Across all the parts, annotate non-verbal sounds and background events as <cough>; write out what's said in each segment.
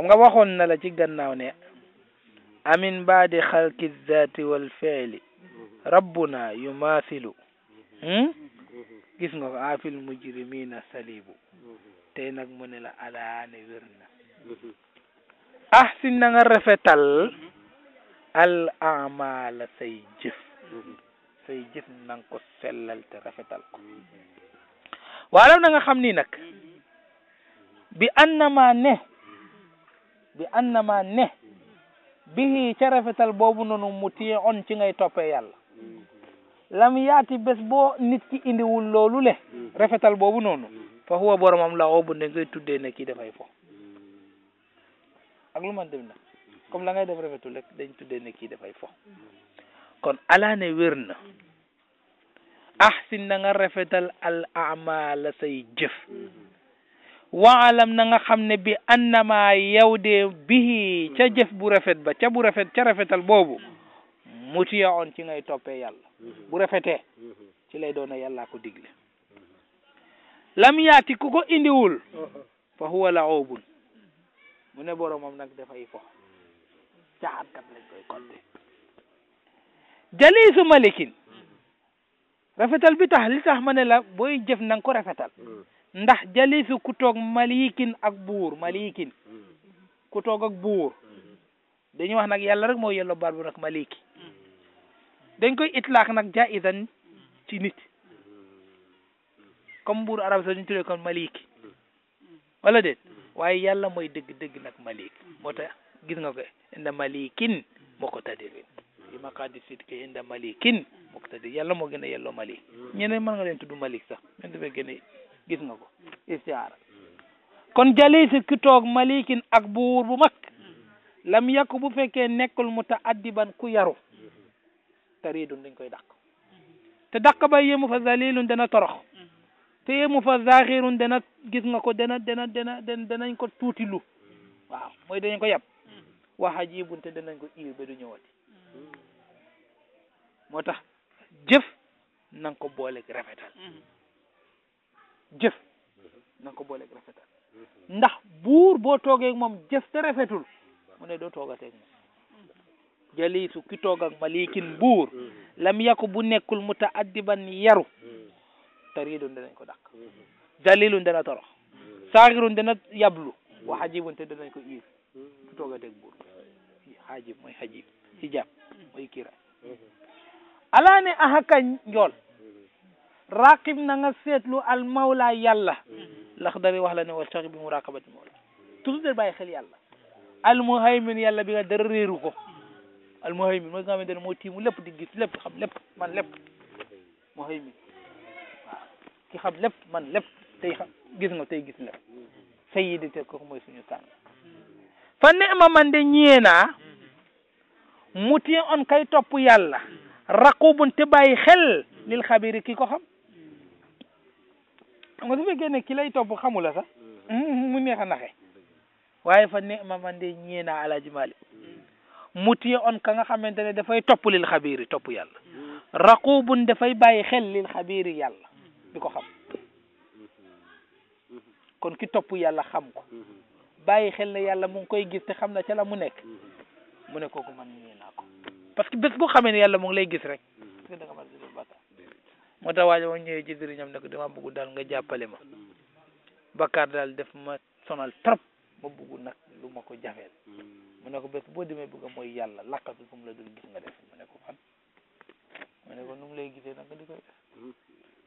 xam nga waxoon na la ci gannaaw ne amin baadi xalqi zaati wal fiili rabbuna yumaasilu hmm? gis nga ko aafil mujrimina salibu tey nag mu ne la alaane wér na ahsin na nga rafetal al amala say jëf say jëf na ko sellal te rafetal ko waalaw na nga ni nag bi annama ne bi annama ne bihi ca rafetal boobu noonu mu téye on ci ngay toppee yàlla lam yaati bés boo nit ki indiwul loolu le rafetal boobu noonu fa huwa boromam la oo bu ne tuddee ne kii dafay fo ak lu man dem na comme la ngay def rafetul rek dañ tuddee ne kii dafay fo kon alaa ne wér na ahsin na nga rafetal al amala say jëf waalam na nga xam ne bi annama yow de bihi ca mm-hmm. jëf bu rafet ba ca bu rafet ca rafetal boobu mutiya on ci ngay toppee yàlla mm-hmm. bu mm-hmm. ci lay doona yàllaa ko digle lam ko indiwul uh-huh. fa huwa la mu ne boromam nag dafay fo caaxaankat lañ koy konte jalisu malikin rafetal bi tax li tax ma ne la booy jëf nang ko rafetal ndax jalisu ku toog malikin ak buur malikin mm-hmm. ku toog ak buur mm-hmm. dañuy wax nag yàlla rek moo yelloo bar bu nag maliki mm-hmm. dañ ko itlaak nag jaizan ci nit comme buur arab sax ñu tuddee comme maliki wala déet waaye yàlla mooy dëgg dëgg nag malik moo tax gis nga ko inda malikin muqtadirin bi maqaadi sidqi inda malikin muqtadir yàlla moo gën a yelloo malik ñeneen mën nga leen tudd malik sax men dafay gën a gis nga ko istiaara kon jalisit ki toog malikin ak bu mag lam yàkk bu fekkee nekkul mu ta addiban ku yaru taridun dañ koy dàq te dàq ba yému fa zalilun dana torox te mu fa zaxirun dana gis nga ko dana dana dana danañ ko tuuti lu waaw mooy dañ ko yab waxa jibun te danañ ko iir ba du ñëwati moo tax jëf ko booleeg rafetal jëf na nga ko booleeg rafetal ndax buur boo toogee moom jëf te rafetul mu ne doo toogateeg moom jaliisu ki toog malikin buur lam yàqu bu nekkul mu ta addiban yaru taridun danañ ko dàq jalilun dana torox saagirun dana yablu wa xajibun te danañ ko iir ku toogateeg buur xaajib mooy xajib hijab mooy kiiraay alaane aha kañ njool raqib na nga seetlu al yàlla mm. lax dari wax la ne wa tax bi muraqabati mawla toujours del bàyyi xel yàlla al yàlla bi nga dara réeru ko al mooy nga xamante ne moo tiimu lépp di gis lépp xam lépp man lépp muhaymin ki xam lépp man lépp tey xam gis nga tey gis lépp sayyidi te kooku mooy suñu sàng fa nema man de ñeena muti on kay topp yàlla raqubun te bàyyi xel lil xabiri ki ko xam nga su fekkee ne lay topp xamu la sax mm-hmm. Mm-hmm, mu neex a naxe waaye fa ne ma man de ñee naa alaaji Maalik mm-hmm. mu téye on ka nga xamante ne dafay topp lil xabiiri topp yàlla raqubun dafay bàyyi xel lil xabiiri yàlla di ko xam kon ki topp yàlla xam ko bàyyi xel ne yàlla mu ngi koy gis te xam na ca la mu nekk mu ne kooku man ñee naa ko parce que bés boo xamee yàlla mu ngi lay gis rek moo tax waajo moom ñëwee ci sëriñam ne ko dama bëgg daal nga jàppale ma bakkaar daal def ma sonal trop ma bëgg nag lu ma ko jafeel hmm. mu ne ko bés boo demee bëgg mooy yàlla lakkatu fu mu la dul gis nga def mu ne ko fan mu ne ko nu mu lay gisee nag nga di koy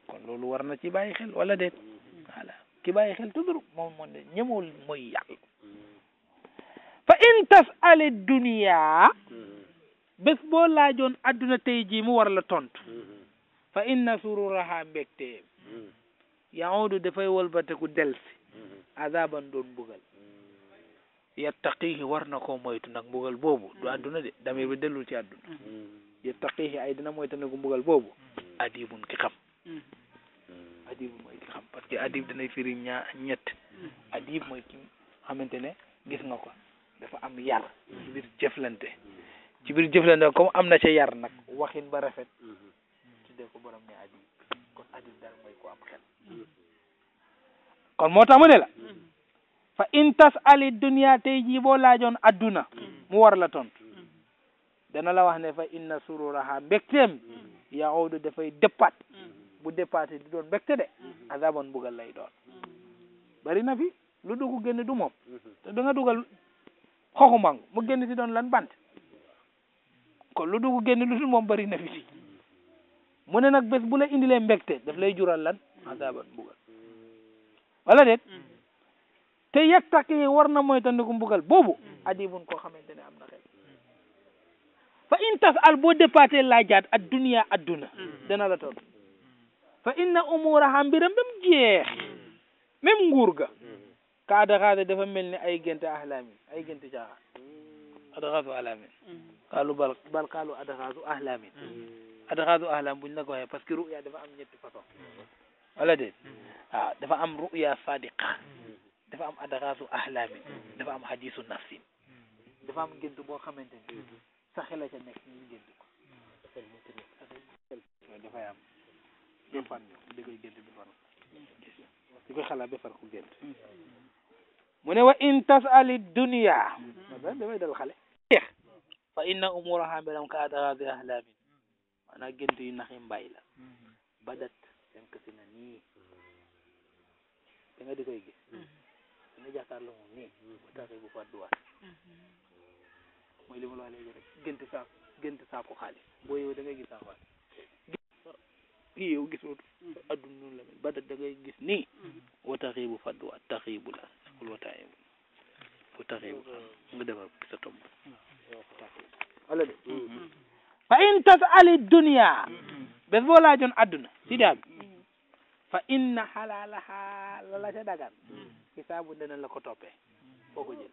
kon loolu war na ci bàyyi xel wala déet hmm. ki bàyyi xel toujours moom moo ne ñemewul mooy yàlla hmm. fa in tasale dunia bés boo laajoon adduna tey jii mu war la tontu fa inna sururaha mbégteem mm. yahudu dafay walbateku delsi mm-hmm. azaban doon mbugal mm. yattaqihi war na koo moytu nag mbugal boobu du mm. àdduna de damir bi dellul ci àdduna yattaqihi ay dina moyta nako mbugal boobu adibun ki xam ki xam parce que adib danay firi ñaa ñett xamante ne gis nga ko dafa am yar ci biir jëflante ci biir jëflante comme am na ca yar nag waxin ba rafet mm-hmm. tuddee borom ne adil kon moo tax ne la mm. fa in tas ali dunia tey jii boo laajoon adduna mm. mu war la tontu mm. dana la wax ne fa inna sururaha mbégteem yahudu dafay déppaat bu déppaatee di doon mbégte de azaban bugal lay doon bari na fi lu dugg génn du moom mm-hmm. te da nga dugal mu génn si doon lan bant kon lu dugg génn lu dul moom bari na fi mu ne nag bés bu la indilee mbégte daf lay jural lan azaban mbugal wala déet mm-hmm. te yettaq yi war na moytandiku mbugal boobu mm-hmm. adibun koo xamante ne am na xel fa in tas al boo dépassé laajaat ad dunia adduna mm-hmm. dana la toon fa inna umuraha mbiram ba mu jeex même nguur ga ka adaxaade dafa mel ni ay gente ahlamin ay gente caaxaan adaxaasu ahlamin kaalu bal bal kaalu adaxaasu ahlamin ada xaasu ahlam buñ la ko waxee parce que ruya dafa am ñetti façon wala de ah dafa am ruya sadiqa dafa am adxaasu ahlaamin dafa am hadithu nafsi dafa am ngént bo xamanteni saxé la ca nek ñu ngént ko dafa am des fois ñu da koy gént bi faru di xala be far ku gént mu ne wa in tasali dunia dafay dal xale fa inna umuraha bi lam ka adxaasu ahlaamin xanaa gént yu naxi mbay la mm-hmm. badat seen kasi na nii da nga di koy gis mm-hmm. dina jàkkaarloo moom nii bu mm-hmm. taxee bu fàdduwaat mooy li ma la wax léegi rek gént saa gént saako xaalis boo yow da ngay gis saakoal kii yow gisoo adduna noonu la mel badat da ngay gis nii wa taxee bu fàdduwaat taxii bu la xul wataaye bu bu taxee bu nga de fa in tasali dunia bés boo laajoon adduna si daa bi fa inna xalaalaha la la ca dagan xisaabu la ko toppee foo ko jël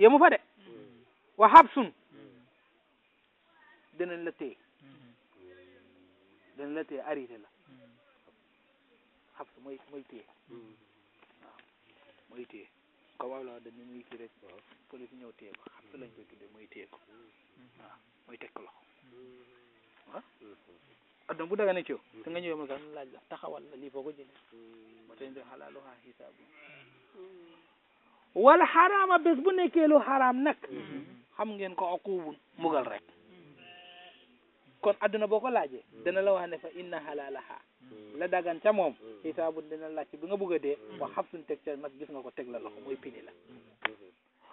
yemu fa de wa la téye danañ la téye arrêté la xabsu mooy mooy kawalaa dañu muy kii rek police ñëw téye ko xam nga lañ koy tuddee mooy téye ko waaw mooy teg ko loxo ah adduna ah, bu daga ne ci yow te nga ñëwee ma sax laaj la taxawal la lii foo ko jëlee moo tax ñu de xalaaluhaa xisaabu wala xaraama bés bu nekkee lu xaraam nag mm-hmm. xam ngeen ko aqubun mbugal rek kon adduna boo ko laajee hmm. dana la wax ne fa inna halalaha hmm. la dagan ca moom xisaabu hmm. dina laajte bi nga bëgg a dee wax xab suñ gis nga ko teg la loxo mooy pini la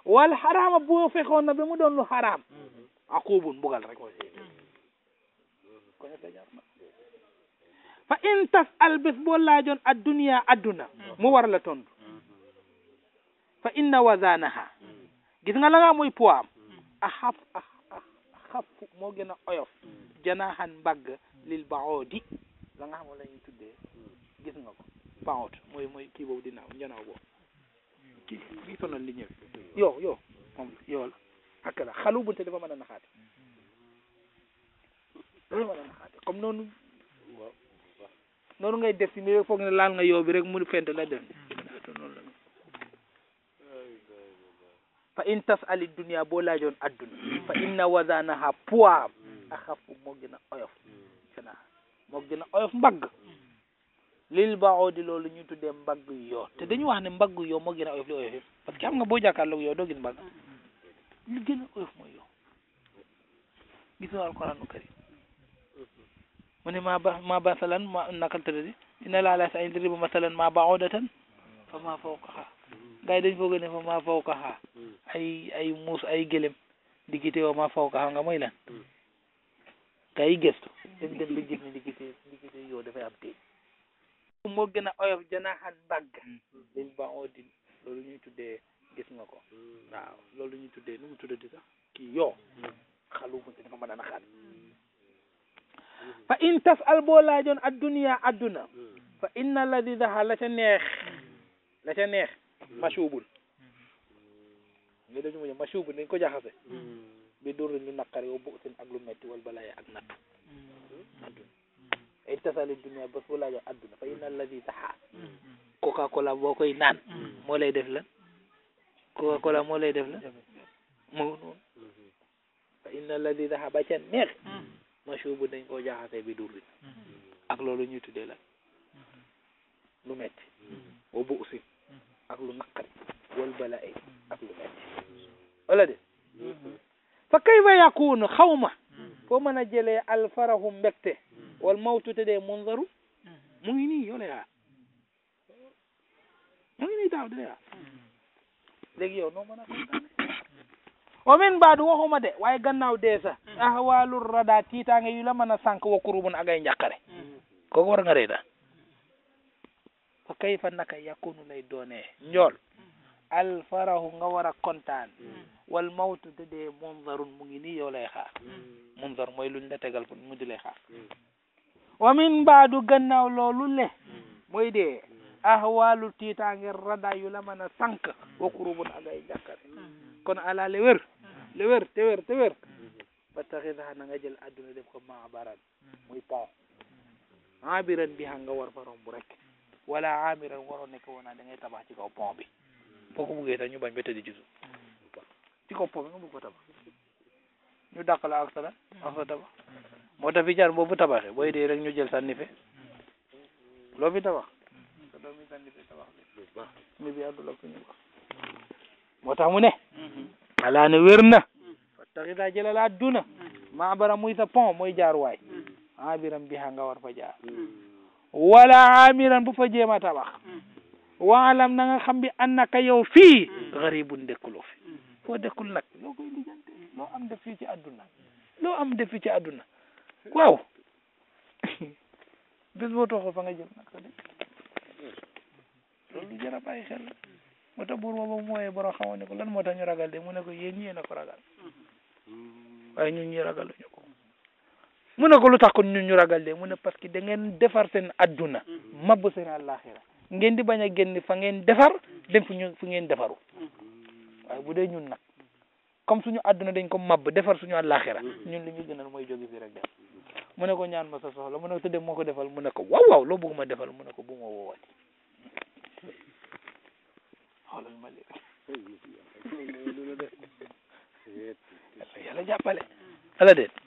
wal xaraama boo fekkoon na ba mu doon lu xaraam bugal rek fa tas al bés boo laajoon adduniya adduna mu la tontu fa inna gis nga la nga am axafu moo gën a mm. oyof mm. janaaxan mbagg mm. lil baxoo di la nga xam la ñuy tuddee gis nga ko baxoot mooy mooy kii boobu dinaaw njanaaw boobu kii kii sonal li ñëw yow yow moom yow la la xalu bunte dafa mën a naxaate dafa mën a naxaate comme noonu ngay def si mais foog nga yow mu fent la def fa in tasali dunia boo laajoon adduna fa inna wasanaha poids a xafu moo gën oyof sena moo gën a oyof loolu ñu tuddee mbag yoo te dañu wax ne mbagg yo moo gën a oyof li oyof yëpp parce que xam nga boo jàkkaarloog yow doo gis mbagg li gën oyof mooy yoo gis nga alquranu karim mu ne maa ba maa basalan ma nakal tëdd di ina laa laa sa ay ndiri ba masalan maa baaxoo datan fa maa fawqaha gars yi dañ foog ne fa maa fawqaha ay ay muus ay gëlëm diggite wa maa fawqaha nga mooy lan gars yi gëstu dañ dem ba gis ne dafay am téye gën a oyof janaxan mbagg lil ba odin loolu ñuy tuddee gis nga ko waaw loolu ñuy tuddee nu mu tuddati sax kii yoo xalu mu dafa mën a naxaat fa in tasal boo laajoon addunia adduna fa inna alladi daxa la ca neex la ca neex mm-hmm. masuubul mm-hmm. nga def ñu mu masuubul dañ ko jaxase bi durrin lu naqari wa bu'sin ak lu metti wal balaaya ak natt mm-hmm. adduna ittasali dunia bas bu laajo adduna fa inna alladi taxaa coca cola boo koy naan moo lay def la coca cola moo def la mu noonu fa inna alladi taxaa ba ca neex masuubul dañ koo jaxase bi durrin ak loolu ñuy tuddee la lu metti wa bu'sin ak lu naqari wal bala ay ak lu wala de fa kay fa yakunu xawma foo mën a jëlee alfarahu mbégte wal mawtu te dee munzaru mu ngi nii yow la yaa de yaa léegi yow noo mën a <coughs> de waaye gannaaw dee sa ahwaalu rada tiitaange yu la mën a sànq wa kurubun ak ay njàqare mm. war nga rëy fa kayfa naka yakunu lay doonee njool alfarahu nga war kontaan mm. wal mawtu te dee munzarun mu ngi nii yow lay xaar mm. munzar mooy luñ la tegal mu di lay mm. wa min baadu gannaaw loolu le mooy dee ahwaalu tiitaange rada yu la mën a sànq wa qurubun ak ay kon ala le wér le wér te wér te wér ba taxit na nga jël adduna def ko maabaran muy bi xa war fa romb wala amiran waroon nekk woon naa da ngay tabax ci kaw pont bi boo ko buggee sax ñu bañ ba tëddi ci suuf mm. ci kaw bi nga bugg ko tabax ñu dàq la ak sa la mm. mm. fi jaar boobu tabaxee booy dee rek ñu jël sànni fe loo fi tabax sa doom yi moo tax mu ne mm-hmm. alaa ne wér na taxita jëlal adduna maabara muy sa pont mooy jaar waay abiram biha nga war fa jaar wala amiran bu fa jéem a tabax mm. waalam na nga xam bi annaka yow fii mm. garibun dëkkuloo fi mm. foo dëkkul nag loo loo am def ci àdduna loo am def ci àdduna waaw <laughs> bés boo toxoo fa nga jëm nag sa dëkk loolu lu jar a bàyyi xel moo tax buur boobu mooyee borom xamoon ne ko lan moo tax ñu ragal de mu ne ko yéen ñi a ko ragal waaye ñun ñi ragaluñu mu ne ko lu tax kon ñun ñu ragal de mu ne parce que da ngeen defar seen adduna mm-hmm. mabbu seen àllaaxira ngeen di bañ a génn fa ngeen defar mm-hmm. dem fu ñu fu ngeen defaru mm-hmm. waaye bu dee ñun nag comme suñu adduna dañ ko mab defar suñu àllaaxira ñun li ñu gënal mooy jóge fii rek dem mu ne ko ñaan ma sa soxla mu ne ko tëddee moo ko defal mu ne ko waaw waaw loo bëgg ma defal mu ne ko bu ma woowaati xoolal ma li <laughs> jàppale